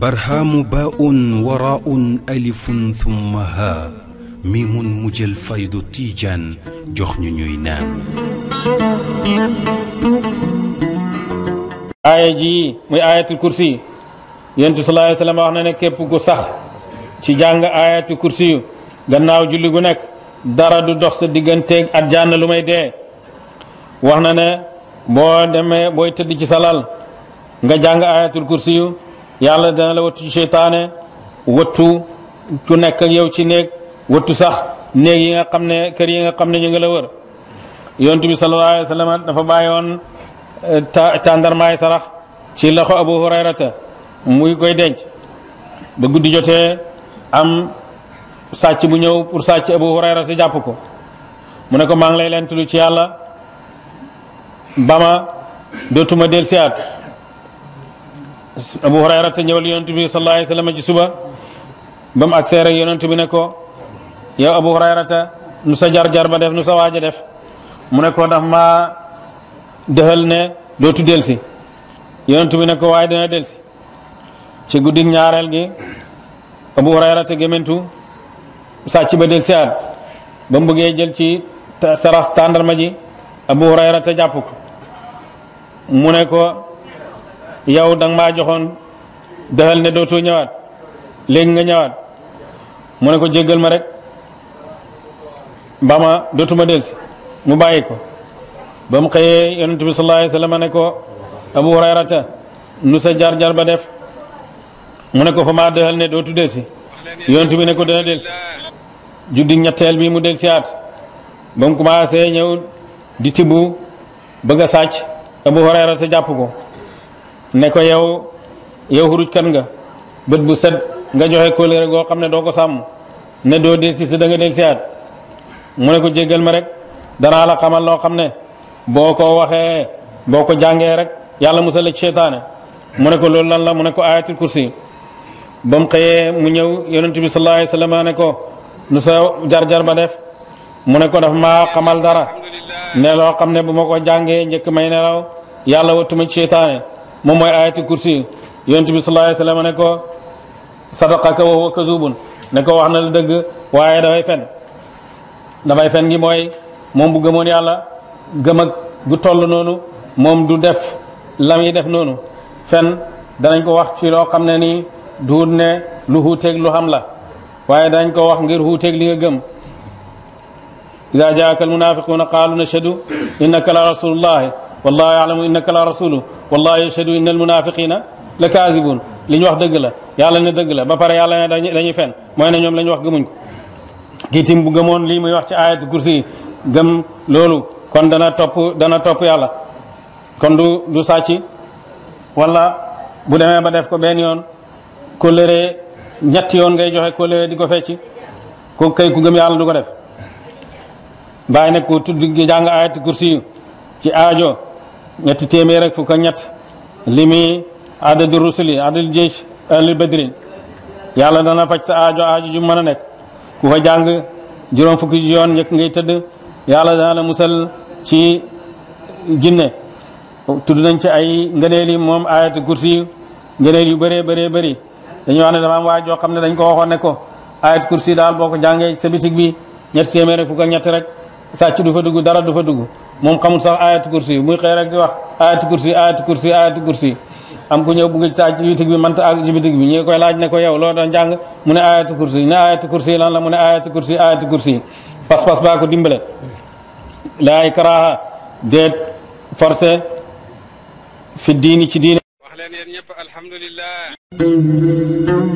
barhaamu baa un waraa un alifun thumma haa mi mun jox ñu ñuy naan. aaya muy aayatul kursi yonent wax na ne képp ko sax ci jàng aayatul kursi yu gannaaw julli gu nekk dara du dox sa digganteeg àjjana lu may dee. wax na ne boo demee booy tëdd ci salal nga jàng ayatul kursi yu yàlla dana la wattu ci seytaane wattu ku nekk ak yow ci néeg wattu sax néeg yi nga xam ne kër yi nga xam ne ñu nga la wër yonent bi sallallahu alayhi wa sallam dafa bàyyoon eh, sarax ci loxo abu hurayrata muy koy denc ba guddi jotee am sàcc bu ñëw pour sàcc abu hurayrata jàpp ko mu ne ko maa ngi lay lentulu ci yàlla ba ma dootuma del siyaat abu hurayrata ñëwal yonent bi sallallahu alayhi wasallam suba ba mu ak seere yonent bi ne ko yow abu hurayrata nu sa jar-jar ba def nu sa waaja def mu ne ko ndax maa defal ne dootu del si yonent bi ne ko waaye dana del si ci guddi ñaareel gi abu hurayrata gémentu sàcc ba del bam ba bëggee jël ci sarax tàndarma ji abu hurayrata jàpp ko mu ne ko yow dang maa joxoon defal ne dootu ñëwaat léegi nga ñëwaat mu ne ko jéggal ma rek ba ma dootuma delsi mu bàyyi ko ba mu xëyee yonent bi sallallahu alayhi wasallam ne ko abu hurayrata nu sa jar jaar ba def mu ne ko fa maa defal ne dootu delsi yonent bi ne ko dana delsi juddi ñetteel bi mu delsiwaat ba mu commencé ñëw di tibbu bëgg a sàcc Abu Hurayra sa japp ko ne ko yow yow huruj kan nga bët bu set nga joxe ko leer go xamne do ko sam ne do del ci sa da nga del siyaat mu ne ko jéggal ma rek danaa la xamal lo xamne boko waxe boko waxee rek yalla musal ci seytaane mu ne ko lol lan la mu ne ko ayatul kursi bam xeye mu ñew yaronte bi sallallahu alayhi wasallam ne ko nu sa jar-jar ba def mu ne ko daf ma xamal dara ne loo xam ne bu ma ko jàngee njëkk may nelaw yàlla wattuma ci seytaane moom mooy ayati kursi yonent bi sallallahu alayhi wasallam ne ko wa na la dëgg waaye dafay fen dafay fen gi mooy moom bu gëmoon yàlla gëm ak gu toll noonu moom du def lam yi def noonu fen danañ ko wax ci loo xam ne nii duut ne lu xuuteeg lu xam la waaye danañ ko wax ngir xuuteeg li nga gëm إذا جاءك المنافقون قالوا نشهد إنك لرسول الله والله يعلم إنك لرسوله والله يشهد إن المنافقين لكاذبون لين واخ دغلا يالا ني دغلا با بار يالا ني فين موي نيوم لين واخ گمون گيتيم بو گمون لي موي واخ آيات الكرسي گم لولو كون دانا توپ دانا توپ يالا كون دو دو ساتي ولا بو ديمي با ديف كو بن يون كولري نيات يون گاي جوخه كولري ديكو فيتي كو كاي كو گم يالا دوكو ديف bàyyi nag ku tudd jàng ayat kursi ci aajo ñetti téeméer ak fukk ak ñett limi adadu rusuli adadu jeesh ahli badrin yàlla dana faj sa aajo aajo ju mën a nekk ku fa jàng juróom fukki yoon njëkk ngay tëdd yàlla dana la musal ci jinne tudd nañ ci ay ngëneel moom ayat kursi ngëneel yu bëree bëree bëri dañuy wax ne dama am waay joo xam ne dañ ko waxoon ne ko ayat kursi daal boo ko jàngee sa bi ñetti téeméer ak fukk ak ñett rek sàcc du fa dugg dara du fa dugg moom xamul sax ayatu kursi muy xëy rek di wax ayatu kursi ayatu kursi ayatu kursi am ku ñëw bugg sàcc bitig bi mënta ak ci bitig bi ñu koy laaj ne ko yow loo doon jàng mu ne ayatu kursi ne ayatu kursi lan la mu ne ayatu kursi ayatu kursi pas-pas baa ko dimbale laa ikraha déet fi diini ci diine wax leen